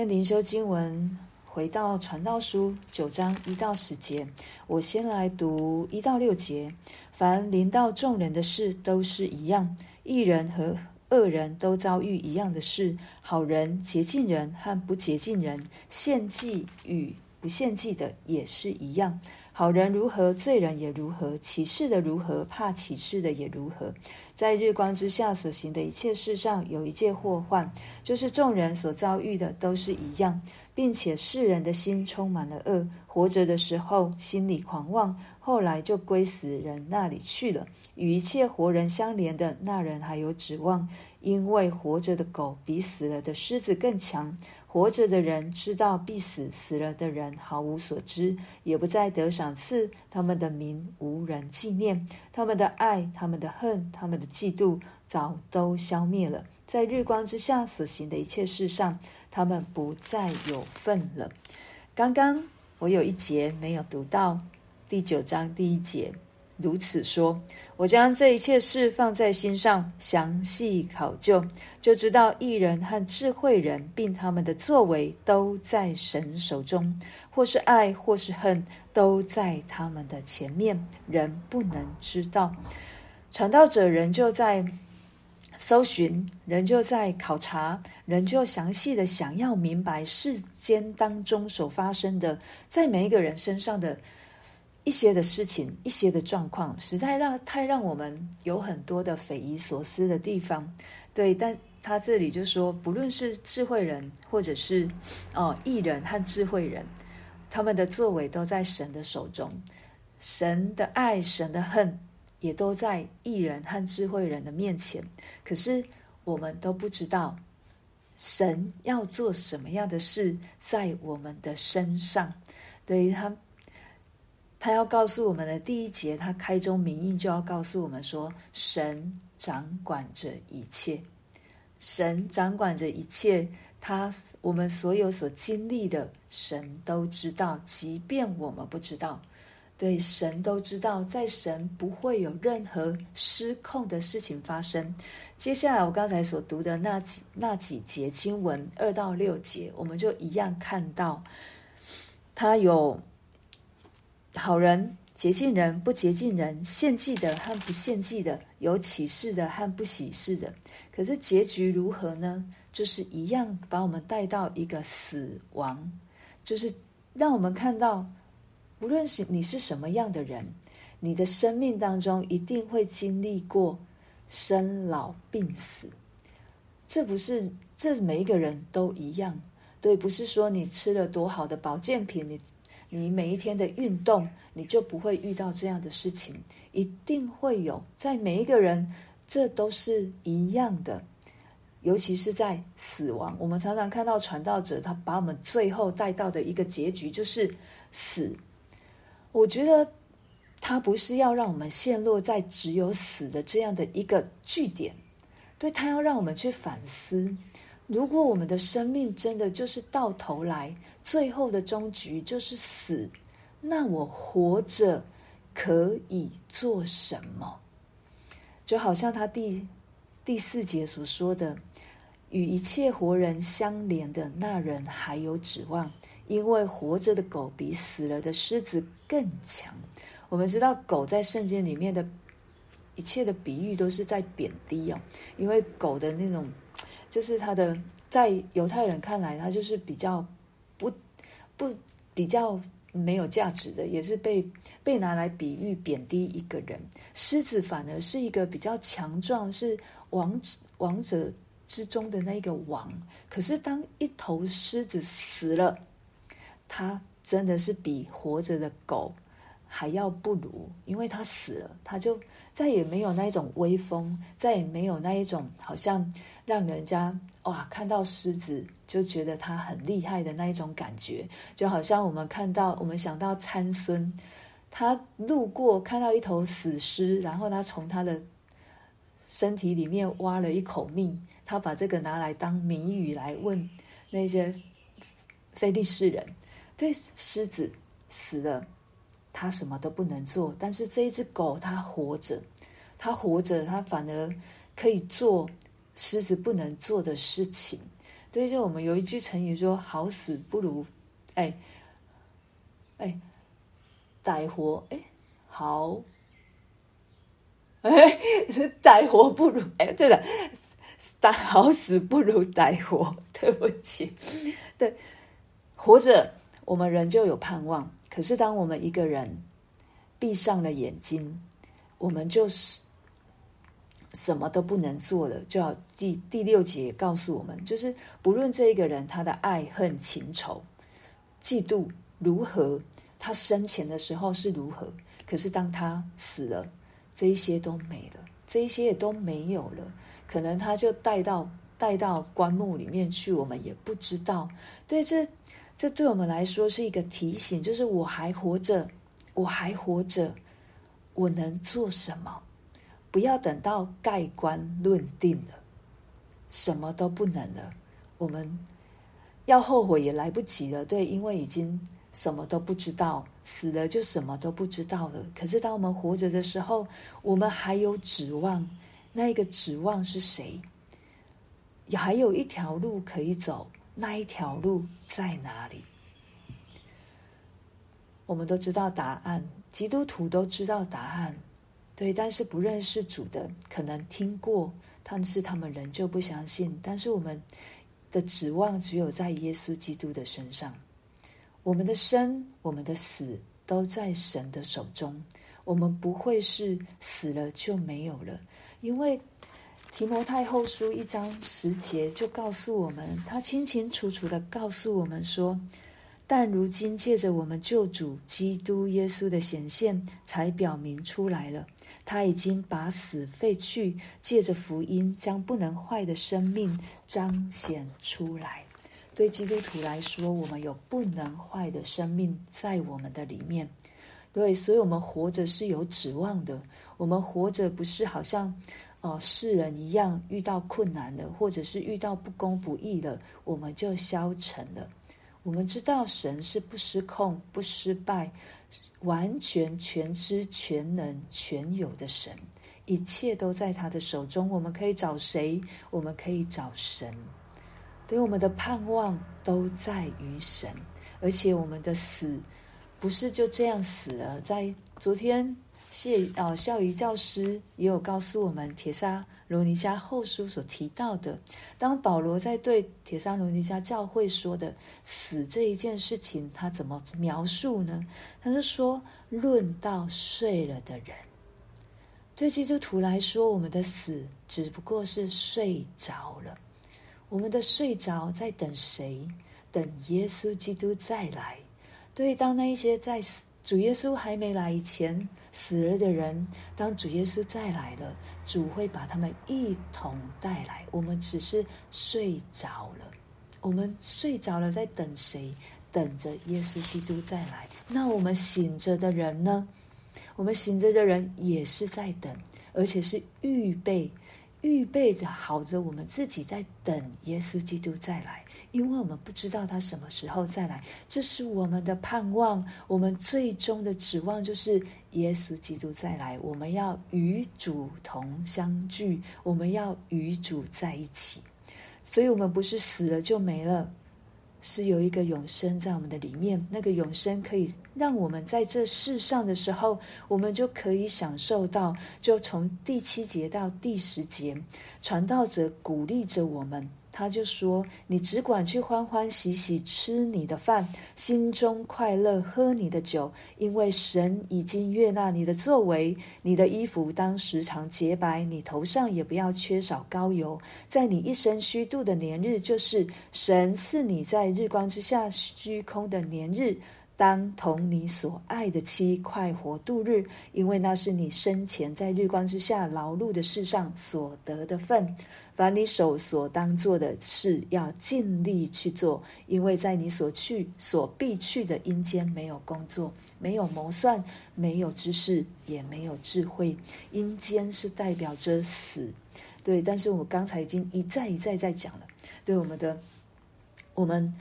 跟靈修經文，回到傳道書九章一到十節，我先來讀一到六節。凡臨到眾人的事都是一樣，義人和惡人都遭遇一樣的事，好人、潔淨人和不潔淨人，獻祭與不獻祭的也是一樣。好人如何，罪人也如何；起誓的如何，怕起誓的也如何。在日光之下所行的一切事上，有一件禍患，就是眾人所遭遇的都是一樣，並且世人的心充滿了惡。活着的時候心裡狂妄，後來就歸死人那裡去了。與一切活人相連的那人還有指望，因為活着的狗比死了的獅子更強。活着的人知道必死，死了的人毫無所知，也不再得賞賜。他們的名無人紀念，他們的愛、他們的恨、他們的嫉妒，早都消滅了。在日光之下所行的一切事上，他們不再有份了。剛剛我有一節沒有讀到，第九章第一節。如此說，我將這一切事放在心上，詳細考究，就知道義人和智慧人，並他們的作為，都在神手中；或是愛，或是恨，都在他們的前面，人不能知道。傳道者仍舊在搜尋，仍舊在考察，仍舊詳細的想要明白世間當中所發生的，在每一個人身上的。一些的事情，一些的狀況，實在讓太讓我們有很多的匪夷所思的地方。對，但他這裡就說，不論是智慧人，或者是哦、呃、義人和智慧人，他們的作為都在神的手中，神的愛，神的恨，也都在義人和智慧人的面前。可是我們都不知道神要做什麼樣的事在我們的身上。對於他。他要告訴我們的第一節，他開宗明義就要告訴我們說：神掌管着一切，神掌管着一切，他，我們所有所經歷的，神都知道，即便我們不知道，對，神都知道，在神不會有任何失控的事情發生。接下來我剛才所讀的那幾那幾節經文二到六節，我們就一樣看到，他有。好人、潔淨人、不潔淨人、獻祭的和不獻祭的、起誓的和不起誓的，可是結局如何呢？就是一樣，把我們帶到一個死亡，就是讓我們看到，無論是你是什麼樣的人，你的生命當中一定會經歷過生老病死。這不是，這每一個人都一樣。對，不是說你吃了多好的保健品，你。你每一天的運動，你就不會遇到這樣的事情。一定會有，在每一個人，這都是一樣的。尤其是在死亡，我們常常看到傳道者，他把我們最後帶到的一個結局就是死。我覺得他不是要讓我們陷落在只有死的這樣的一個據點，對，他要讓我們去反思。如果我們的生命真的就是到頭來，最後的終局就是死，那我活着可以做什麼？就好像他第第四節所說的：“與一切活人相連的那人還有指望，因為活着的狗比死了的獅子更強。”我們知道，狗在聖經裡面的一切的比喻都是在貶低哦，因為狗的那種。就是他的，在猶太人看來，他就是比較不不比較沒有價值的，也是被被拿來比喻貶低一個人。獅子反而是一個比較強壯，是王王者之中的那個王。可是當一頭獅子死了，它真的是比活着的狗。還要不如，因為他死了，他就再也沒有那一種威風，再也沒有那一種好像讓人家哇看到獅子就覺得他很厲害的那一種感覺。就好像我們看到，我們想到參孫，他路過看到一頭死獅，然後他從他的身體裡面挖了一口蜜，他把這個拿來當謎語來問那些非利士人。對，獅子死了。他什麼都不能做，但是這一只狗它活着，它活着，它反而可以做獅子不能做的事情。所以，就我們有一句成語說：“好死不如哎哎，歹活哎好哎，歹活不如哎，對的，歹好死不如歹活。”對不起，對，活着我們人就有盼望。可是，當我們一個人閉上了眼睛，我們就是什麼都不能做了。就要第第六節告訴我們，就是不論這一個人他的愛恨情仇、嫉妒如何，他生前的時候是如何。可是當他死了，這一些都沒了，這一些也都沒有了，可能他就帶到帶到棺木裡面去，我們也不知道。對這。這對我們來說是一個提醒，就是我還活着，我還活着，我能做什麼？不要等到蓋棺論定了，什麼都不能了，我們要後悔也來不及了。對，因為已經什麼都不知道，死了就什麼都不知道了。可是當我們活着的時候，我們還有指望，那一個指望是誰？還有一條路可以走。那一條路在哪裡？我們都知道答案，基督徒都知道答案。對，但是不認識主的，可能聽過，但是他們仍舊不相信。但是我們的指望只有在耶穌基督的身上。我們的生，我們的死，都在神的手中。我們不會是死了就沒有了，因為。提摩太後書一章十節就告訴我們，他清清楚楚地告訴我們說：“但如今借着我們救主基督耶穌的顯現，才表明出來了，他已經把死廢去，借着福音將不能壞的生命彰顯出來。對基督徒來說，我們有不能壞的生命在我們的裡面，對，所以，我們活着是有指望的。我們活着不是好像……”哦，世人一樣遇到困難的，或者是遇到不公不義的，我們就消沉了。我們知道神是不失控、不失敗、完全全知全能全有的神，一切都在他的手中。我們可以找誰？我們可以找神。對我們的盼望都在於神，而且我們的死不是就這樣死了。在昨天。謝啊，校譯教師也有告訴我們，帖撒羅尼迦後書所提到的，當保羅在對帖撒羅尼迦教會說的死這一件事情，他怎麼描述呢？他是說，論到睡了的人，對基督徒來說，我們的死只不過是睡着了。我們的睡着在等誰？等耶穌基督再來。對，當那一些在死。主耶穌還沒來以前，死了的人，當主耶穌再來了，主會把他們一同帶來。我們只是睡着了，我們睡着了，在等誰？等着耶穌基督再來。那我們醒着的人呢？我們醒着的人也是在等，而且是預備、預備着、好着，我們自己在等耶穌基督再來。因為我們不知道他什麼時候再來，這是我們的盼望，我們最終的指望就是耶穌基督再來。我們要與主同相聚，我們要與主在一起。所以，我們不是死了就沒了，是有一個永生在我們的裡面。那個永生可以讓我們在這世上的時候，我們就可以享受到。就從第七節到第十節，傳道者鼓勵着我們。他就說：“你只管去歡歡喜喜吃你的飯，心中快樂喝你的酒，因為神已經悅納你的作為。你的衣服當時常潔白，你頭上也不要缺少膏油。在你一生虛度的年日，就是神賜你在日光之下虛空的年日。”當同你所愛的妻快活度日，因為那是你生前在日光之下勞碌的事上所得的份。凡你手所當做的事，要盡力去做，因為在你所去所必去的陰間，沒有工作，沒有謀算，沒有知識，也沒有智慧。陰間是代表着死，對。但是我剛才已經一再一再在講了，對我們的，我們。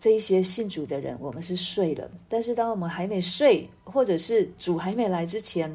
這一些信主的人，我們是睡了。但是當我們還沒睡，或者是主還沒來之前，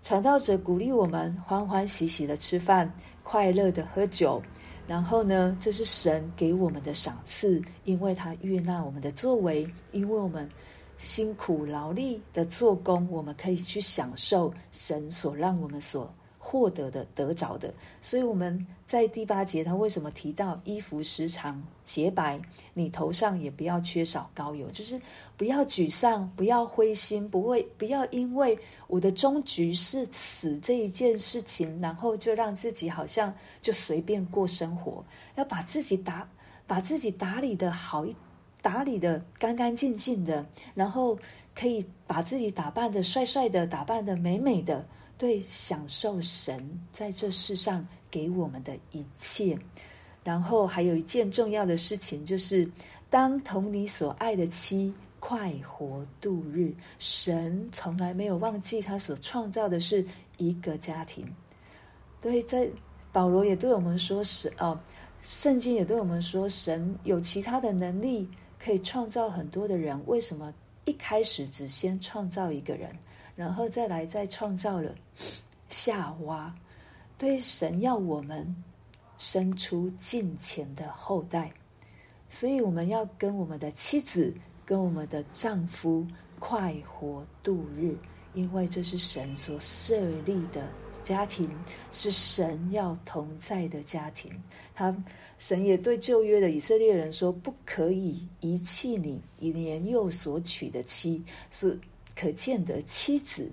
傳道者鼓勵我們歡歡喜喜的吃飯，快樂的喝酒。然後呢，這是神給我們的賞賜，因為他悅納我們的作為，因為我們辛苦勞力的做工，我們可以去享受神所讓我們所獲得的得着的，所以我們在第八節，他為什麼提到衣服時常潔白，你頭上也不要缺少膏油，就是不要沮喪，不要灰心，不會不要因為我的終局是死這一件事情，然後就讓自己好像就隨便過生活，要把自己打把自己打理得好一打理得乾乾淨淨的，然後可以把自己打扮得帥帥的，打扮得美美的。對，享受神在這世上給我們的一切。然後還有一件重要的事情，就是當同你所愛的妻快活度日，神從來沒有忘記他所創造的是一個家庭。對，在保羅也對我們說是，啊、哦，聖經也對我們說神有其他的能力可以創造很多的人，為什麼一開始只先創造一個人？然後再來再創造了夏娃，對，神要我們生出敬虔的後代，所以我們要跟我們的妻子跟我們的丈夫快活度日，因為這是神所設立的家庭，是神要同在的家庭。他神也對舊約的以色列人說，不可以遺棄你以年幼所娶的妻是。可見的，妻子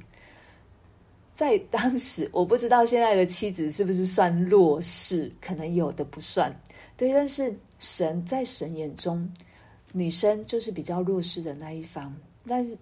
在當時，我不知道現在的妻子是不是算弱勢，可能有的不算。對，但是神在神眼中，女生就是比較弱勢的那一方。但是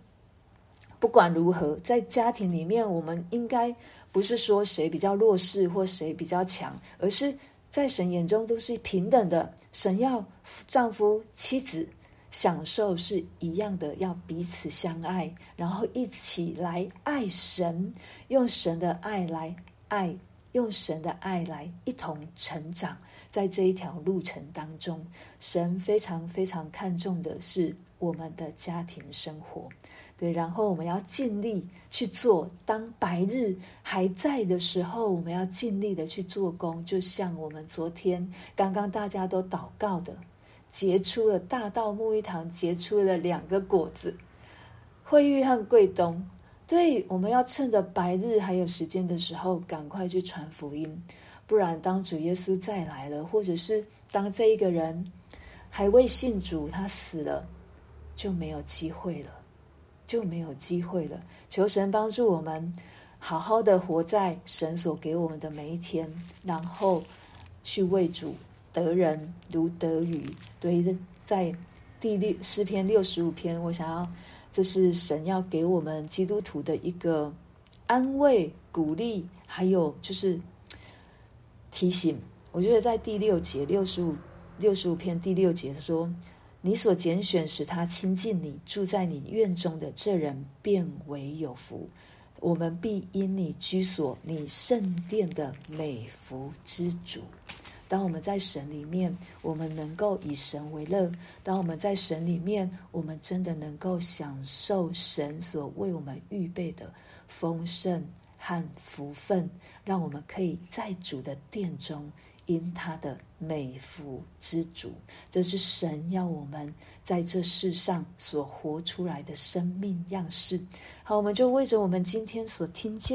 不管如何，在家庭裡面，我們應該不是說誰比較弱勢或誰比較強，而是在神眼中都是平等的。神要丈夫、妻子。享受是一樣的，要彼此相愛，然後一起來愛神，用神的愛來愛，用神的愛來一同成長。在這一條路程當中，神非常非常看重的是我們的家庭生活，對。然後我們要盡力去做，當白日還在的時候，我們要盡力的去做工，就像我們昨天剛剛大家都禱告的。結出了大道木一堂，結出了兩個果子，惠玉和桂東。對，我們要趁着白日還有時間的時候，趕快去傳福音，不然當主耶穌再來了，或者是當這一個人還未信主，他死了，就沒有機會了，就沒有機會了。求神幫助我們好好的活在神所給我們的每一天，然後去為主。得人如得魚，對，在第六詩篇六十五篇，我想要，這是神要給我們基督徒的一個安慰、鼓勵，還有就是提醒。我覺得在第六節六十五六十五篇第六節說：“你所揀選使他親近你，住在你院中的這人，便為有福。我們必因你居所、你聖殿的美福之主。”當我們在神裡面，我們能夠以神為樂；當我們在神裡面，我們真的能夠享受神所為我們預備的豐盛和福分，讓我們可以在主的殿中因他的美福知足。這是神要我們在這世上所活出來的生命樣式。好，我們就為着我們今天所聽見。